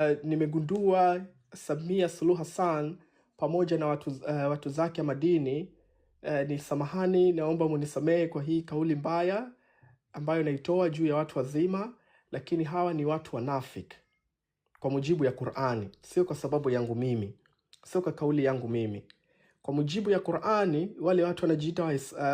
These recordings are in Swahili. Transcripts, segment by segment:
Uh, nimegundua Samia Suluhu Hassan pamoja na watu, uh, watu zake madini uh, ni samahani, naomba munisamehe kwa hii kauli mbaya ambayo naitoa juu ya watu wazima, lakini hawa ni watu wanafik kwa mujibu ya Qur'ani, sio kwa sababu yangu mimi, sio kwa kauli yangu mimi. Kwa mujibu ya Qur'ani, wale watu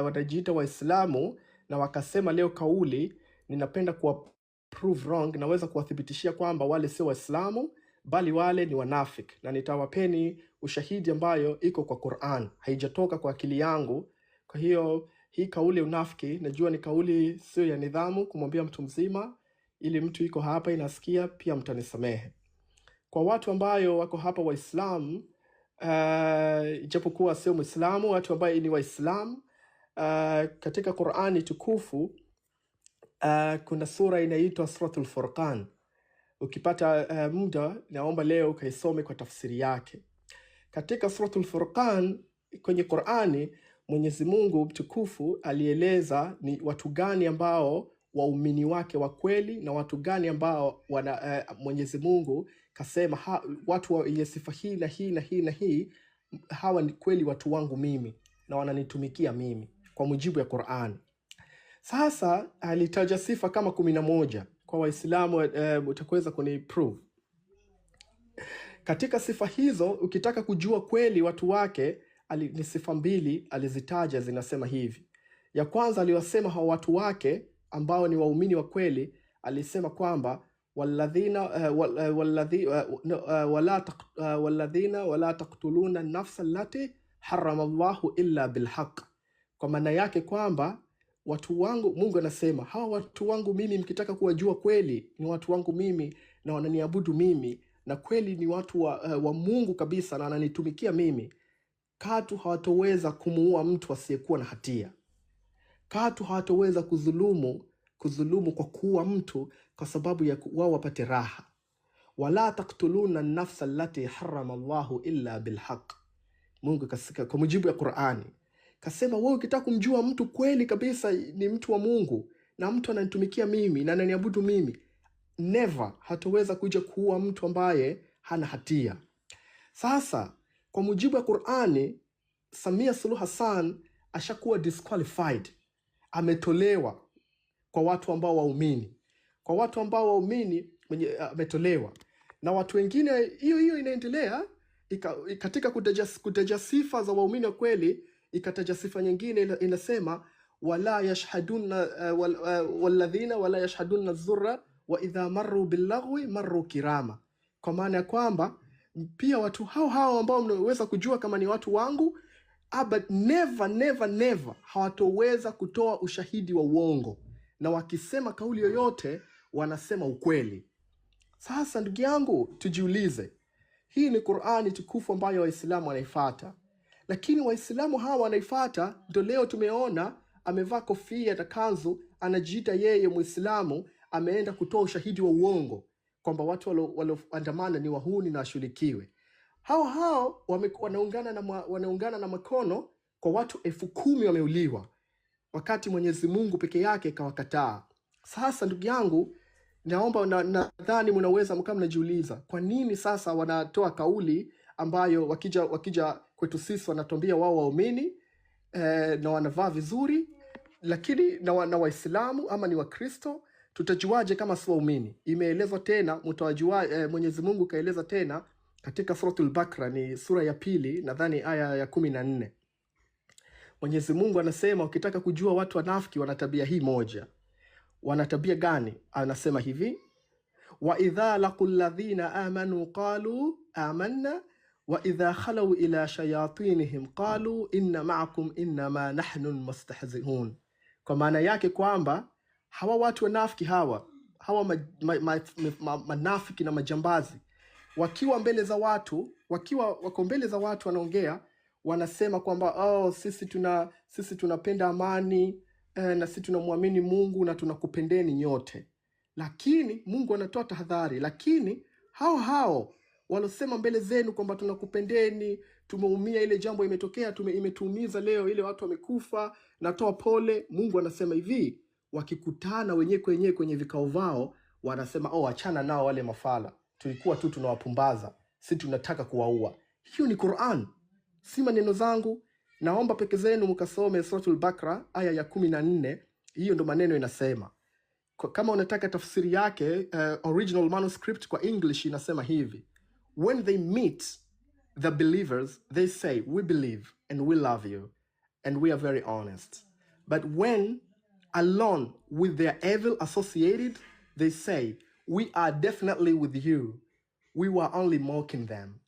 wanajiita Waislamu uh, na wakasema leo kauli ninapenda kuwa prove wrong, naweza kuwathibitishia kwamba wale sio Waislamu bali wale ni wanafik, na nitawapeni ushahidi ambayo iko kwa Quran, haijatoka kwa akili yangu. Kwa hiyo hii kauli unafiki, najua ni kauli sio ya nidhamu kumwambia mtu mzima, ili mtu iko hapa inasikia pia, mtanisamehe kwa watu ambayo wako hapa Waislamu eh, ijapokuwa sio Mwislamu, watu ambayo ni Waislamu uh, katika Qurani tukufu Uh, kuna sura inaitwa Suratul Furqan. Ukipata uh, muda naomba leo ukaisome kwa tafsiri yake. Katika Suratul Furqan kwenye Qur'ani, Mwenyezi Mungu mtukufu alieleza ni watu gani ambao waumini wake wa kweli na watu gani ambao wana uh, Mwenyezi Mungu kasema ha, watu wenye sifa hii na hii na hii na hii, hawa ni kweli watu wangu mimi na wananitumikia mimi kwa mujibu ya Qur'ani. Sasa alitaja sifa kama kumi na moja kwa Waislamu eh, eh utaweza kuniprove katika sifa hizo. Ukitaka kujua kweli watu wake ali, ni sifa mbili alizitaja zinasema hivi. Ya kwanza aliwasema hawa watu wake ambao ni waumini wa kweli, alisema kwamba waladhina uh, uh, wala taktuluna eh, nafsa lati harama llahu illa bilhaq, kwa maana yake kwamba watu wangu, Mungu anasema hawa watu wangu mimi, mkitaka kuwajua kweli ni watu wangu mimi na wananiabudu mimi na kweli ni watu wa, uh, wa Mungu kabisa na wananitumikia mimi, katu hawatoweza kumuua mtu asiyekuwa na hatia, katu hawatoweza kudhulumu kudhulumu kwa kuua mtu kwa sababu ya wao wapate raha. wala taktuluna nafsa allati harama llahu illa bilhaq, Mungu kwa mujibu ya Qur'ani. Kasema wewe ukitaka kumjua mtu kweli kabisa ni mtu wa Mungu na mtu ananitumikia mimi na ananiabudu mimi, never hatoweza kuja kuua mtu ambaye hana hatia. Sasa kwa mujibu wa Qur'ani, Samia Suluhu Hassan ashakuwa disqualified, ametolewa kwa watu ambao waumini, kwa watu ambao waumini mwenye ah, ametolewa na watu wengine. Hiyo hiyo inaendelea katika kuteja, kuteja sifa za waumini wa kweli ikataja sifa nyingine inasema wala yashhaduna uh, wal, uh, walladhina wala yashhaduna dhurra wa idha marru billaghwi marru kirama, kwa maana ya kwamba pia watu hao hao ambao mnaweza kujua kama ni watu wangu abad, never, never, never hawatoweza kutoa ushahidi wa uongo, na wakisema kauli yoyote wanasema ukweli. Sasa ndugu yangu, tujiulize, hii ni Qur'ani tukufu ambayo Waislamu wanaifata lakini Waislamu hawa wanaifata. Ndio leo tumeona amevaa kofia na kanzu, anajiita yeye Mwislamu, ameenda kutoa ushahidi wa uongo kwamba watu walioandamana ni wahuni na washirikiwe. Hao hao wanaungana na, wanaungana na makono kwa watu elfu kumi wameuliwa, wakati Mwenyezi Mungu peke yake kawakataa. Sasa ndugu yangu, naomba nadhani na, munaweza mkaa mnajiuliza kwa nini sasa wanatoa kauli ambayo wakija wakija kwetu sisi wanatuambia wao waumini eh, na wanavaa vizuri, lakini na Waislamu ama ni Wakristo tutajuaje kama si waumini? Imeelezwa tena mtawajua, eh, Mwenyezi Mungu kaeleza tena katika Suratul Bakra, ni sura ya pili nadhani aya ya kumi na nne. Mwenyezi Mungu anasema ukitaka kujua watu wanafiki wana tabia hii moja. Wana tabia gani? Anasema hivi, wa idha laqul ladhina amanu qalu amanna wa idha khalau ila shayatinihim qalu inna ma'akum innama nahnu mustahzi'un, kwa maana yake kwamba hawa watu wanafiki hawa hawa ma, ma, ma, ma, manafiki na majambazi wakiwa mbele za watu wakiwa wako mbele za watu wanaongea, wanasema kwamba oh, sisi tuna sisi tunapenda amani eh, na sisi tunamwamini Mungu na tunakupendeni nyote, lakini Mungu anatoa tahadhari, lakini hao hao walosema mbele zenu kwamba tunakupendeni, tumeumia, ile jambo imetokea, tume, imetuumiza leo, ile watu wamekufa, natoa pole. Mungu anasema hivi, wakikutana wenyewe kwenyewe kwenye vikao vao wanasema oh, achana nao wale mafala, tulikuwa tu tunawapumbaza, si tunataka kuwaua. Hiyo ni Quran, si maneno zangu. Naomba peke zenu mkasome Suratul Bakra aya ya kumi na nne. Hiyo ndo maneno inasema kama unataka tafsiri yake, uh, original manuscript kwa English inasema hivi when they meet the believers, they say, We believe and we love you and we are very honest. But when alone with their evil associated, they say, We are definitely with you, we were only mocking them.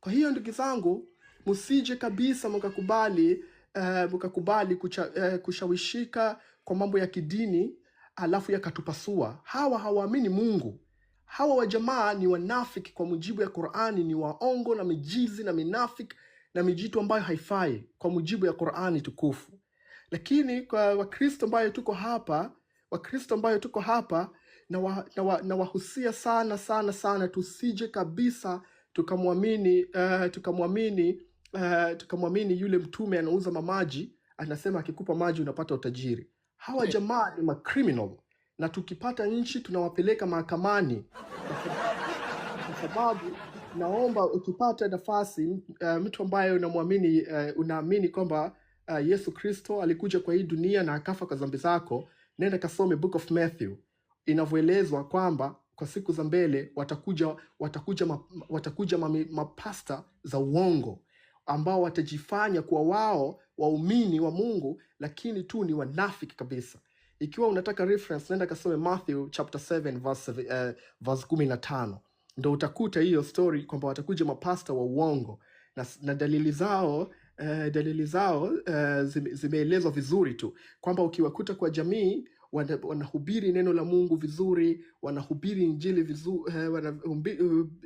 Kwa hiyo ndugu zangu, msije kabisa mkakubali uh, mkakubali kucha, uh, kushawishika kwa mambo ya kidini alafu yakatupasua. Hawa hawaamini Mungu hawa wajamaa ni wanafiki kwa mujibu ya Qur'ani, ni waongo na mijizi na minafiki na mijitu ambayo haifai kwa mujibu ya Qur'ani tukufu. Lakini kwa Wakristo ambayo tuko hapa, Wakristo ambayo tuko hapa na, wa, na, wa, na wahusia sana sana sana tusije kabisa tukamwamini uh, tukamwamini uh, tukamwamini yule mtume anauza mamaji, anasema akikupa maji unapata utajiri. Hawa jamaa ni macriminal na tukipata nchi tunawapeleka mahakamani kwa sababu naomba ukipata nafasi uh, mtu ambaye unamwamini uh, unaamini kwamba uh, Yesu Kristo alikuja kwa hii dunia na akafa kwa dhambi zako, nenda kasome Book of Matthew inavyoelezwa kwamba kwa siku za mbele watakuja watakuja ma, watakuja mapasta za uongo ambao watajifanya kuwa wao waumini wa Mungu, lakini tu ni wanafiki kabisa. Ikiwa unataka reference, nenda kasome Matthew chapter 7 verse, uh, verse 15 ndo utakuta hiyo story kwamba watakuja mapasta wa uongo na, na dalili zao uh, dalili zao uh, zimeelezwa vizuri tu kwamba ukiwakuta kwa jamii wanahubiri neno la Mungu vizuri, wanahubiri injili vizuri,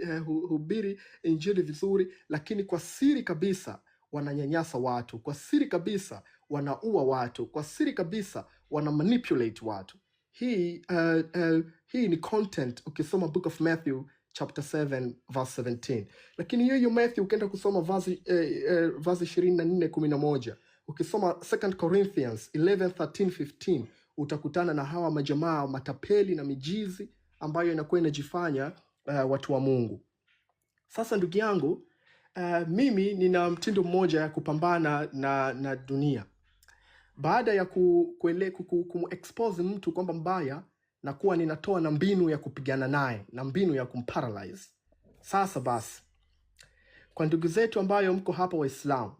wanahubiri injili vizuri, lakini kwa siri kabisa wananyanyasa watu kwa siri kabisa, wanaua watu kwa siri kabisa, wana manipulate watu. Hii uh, uh, hii ni content ukisoma book of Matthew chapter 7 verse 17, lakini hiyo hiyo Matthew ukienda kusoma verse eh, uh, verse 24 11 ukisoma Second Corinthians 11 13 15 utakutana na hawa majamaa matapeli na mijizi ambayo inakuwa inajifanya uh, watu wa Mungu. Sasa ndugu yangu uh, mimi nina mtindo mmoja ya kupambana na, na dunia. Baada ya kumexpose mtu kwamba mbaya, na kuwa ninatoa na mbinu ya kupigana naye na mbinu ya kumparalyze. Sasa basi, kwa ndugu zetu ambayo mko hapa waislam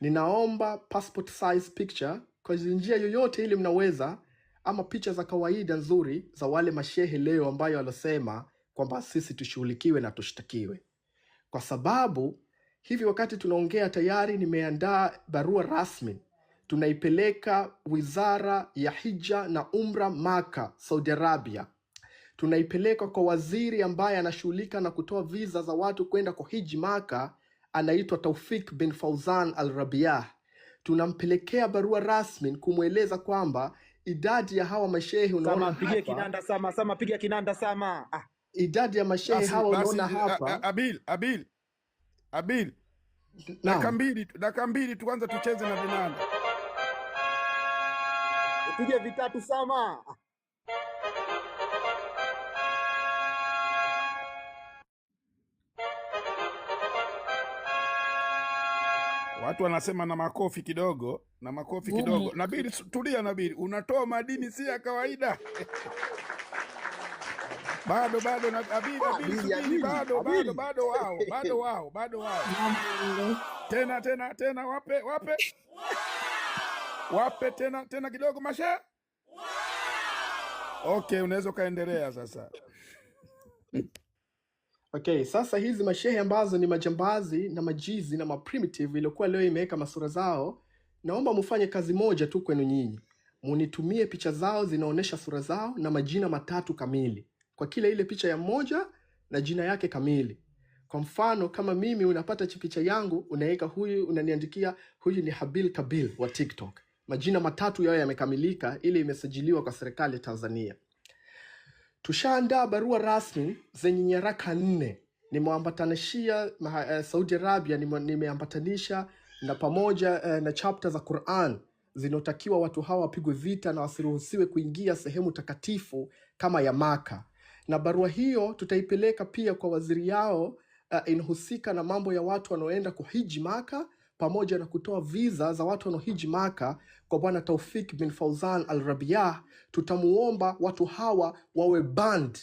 ninaomba passport size picture kwa njia yoyote ili mnaweza, ama picha za kawaida nzuri za wale mashehe leo ambayo alosema kwamba sisi tushughulikiwe na tushtakiwe kwa sababu hivi wakati tunaongea tayari nimeandaa barua rasmi tunaipeleka Wizara ya Hija na Umra Maka, Saudi Arabia. Tunaipeleka kwa waziri ambaye anashughulika na kutoa viza za watu kwenda kwa hiji Maka, anaitwa Taufik bin Fauzan Al Rabiah. Tunampelekea barua rasmi kumweleza kwamba idadi ya hawa mashehe, unaona, pigia kinanda sama, sama, kinanda sama. Ah idadi ya mashehe hawa unaona hapa. Abil, Abil, Abil, dakika mbili, dakika mbili tu kwanza, tucheze na vinanda tupige vitatu sama watu wanasema na makofi kidogo, na makofi kidogo. Nabili, tulia Nabili, unatoa madini si ya kawaida bado bado na bado bado bado wao bado wao bado wao tena tena tena wape wape wape tena tena kidogo mashe Okay, unaweza ukaendelea sasa. Okay, sasa hizi mashehe ambazo ni majambazi na majizi na maprimitive iliokuwa leo imeweka masura zao, naomba mufanye kazi moja tu kwenu nyinyi, munitumie picha zao zinaonyesha sura zao na majina matatu kamili kwa kila ile picha ya moja na jina yake kamili. Kwa mfano kama mimi unapata picha yangu unaweka huyu, unaniandikia huyu ni Habil Kabil wa TikTok. Majina matatu yao yamekamilika, ile imesajiliwa kwa serikali ya Tanzania. Tushaandaa barua rasmi zenye nyaraka nne, nimeambatanishia uh, Saudi Arabia nimeambatanisha na pamoja uh, na chapta za Quran zinaotakiwa watu hawa wapigwe vita na wasiruhusiwe kuingia sehemu takatifu kama ya Maka na barua hiyo tutaipeleka pia kwa waziri yao uh, inahusika na mambo ya watu wanaoenda kuhiji Maka pamoja na kutoa viza za watu wanaohiji Maka kwa Bwana Taufik bin Fauzan Al Tutamuomba watu hawa wawe band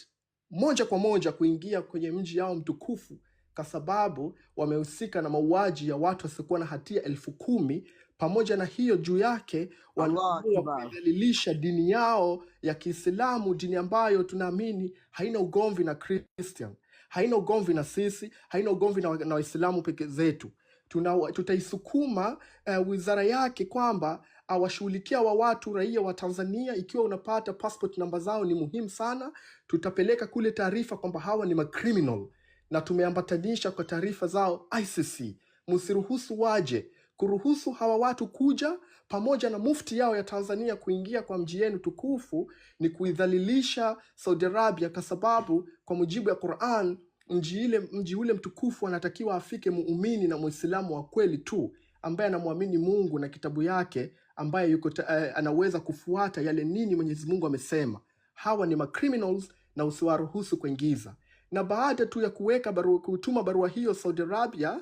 moja kwa moja kuingia kwenye mji yao mtukufu kwa sababu wamehusika na mauaji ya watu wasiokuwa na hatia elfu kumi pamoja na hiyo, juu yake wanaidhalilisha dini yao ya Kiislamu, dini ambayo tunaamini haina ugomvi na Christian, haina ugomvi na sisi, haina ugomvi na Waislamu peke zetu. Tuna, tutaisukuma uh, wizara yake kwamba awashughulikia wa watu raia wa Tanzania. Ikiwa unapata passport namba zao ni muhimu sana, tutapeleka kule taarifa kwamba hawa ni macriminal na tumeambatanisha kwa taarifa zao ICC, msiruhusu waje kuruhusu hawa watu kuja pamoja na mufti yao ya Tanzania kuingia kwa mji yenu tukufu ni kuidhalilisha Saudi Arabia, kwa sababu kwa mujibu ya Quran mji ile mji ule mtukufu anatakiwa afike muumini na muislamu wa kweli tu ambaye anamwamini Mungu na kitabu yake, ambaye yuko ta, eh, anaweza kufuata yale nini Mwenyezi Mungu amesema. Hawa ni macriminals na usiwaruhusu kuingiza. Na baada tu ya kuweka barua, kutuma barua hiyo Saudi Arabia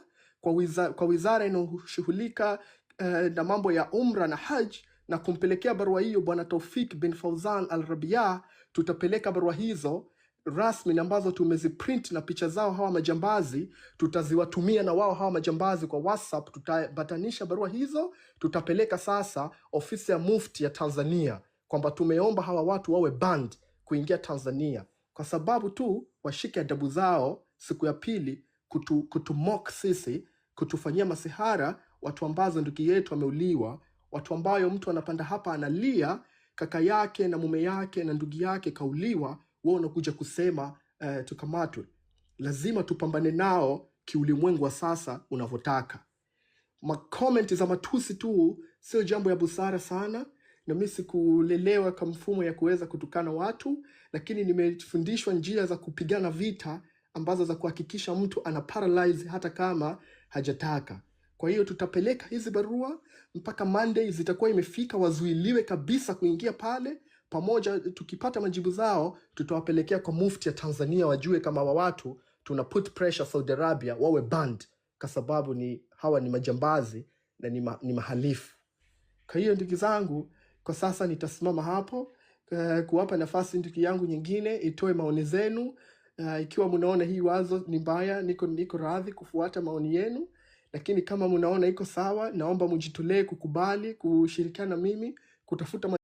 kwa wizara, kwa wizara inayoshughulika eh, na mambo ya umra na haj na kumpelekea barua hiyo Bwana Taufik bin Fauzan Al Rabia. Tutapeleka barua hizo rasmi ambazo tumeziprint na picha zao hawa majambazi, tutaziwatumia na wao hawa majambazi kwa WhatsApp. Tutabatanisha barua hizo, tutapeleka sasa ofisi ya mufti ya Tanzania kwamba tumeomba hawa watu wawe banned kuingia Tanzania kwa sababu tu washike adabu zao siku ya pili kutu, sisi kutufanyia masihara watu ambazo ndugu yetu ameuliwa, watu ambayo mtu anapanda hapa analia kaka yake na mume yake na ndugu yake kauliwa, wao unakuja kusema eh, tukamatwe. Lazima tupambane nao kiulimwengu wa sasa unavyotaka. Makomenti za matusi tu sio jambo ya busara sana, na mimi sikulelewa kwa mfumo ya kuweza kutukana watu, lakini nimefundishwa njia za kupigana vita ambazo za kuhakikisha mtu ana hata kama hajataka. Kwa hiyo tutapeleka hizi barua mpaka Monday zitakuwa imefika, wazuiliwe kabisa kuingia pale. Pamoja tukipata majibu zao, tutawapelekea kwa mufti ya Tanzania, wajue kama wa watu tuna put pressure Saudi Arabia wawe banned, kwa sababu ni hawa ni majambazi na ni, ma, ni mahalifu. Kwa hiyo ndugu zangu, kwa sasa nitasimama hapo, eh, kuwapa nafasi ndugu yangu nyingine itoe maoni zenu. Uh, ikiwa mnaona hii wazo ni mbaya, niko niko radhi kufuata maoni yenu, lakini kama mnaona iko sawa, naomba mjitolee kukubali kushirikiana mimi kutafuta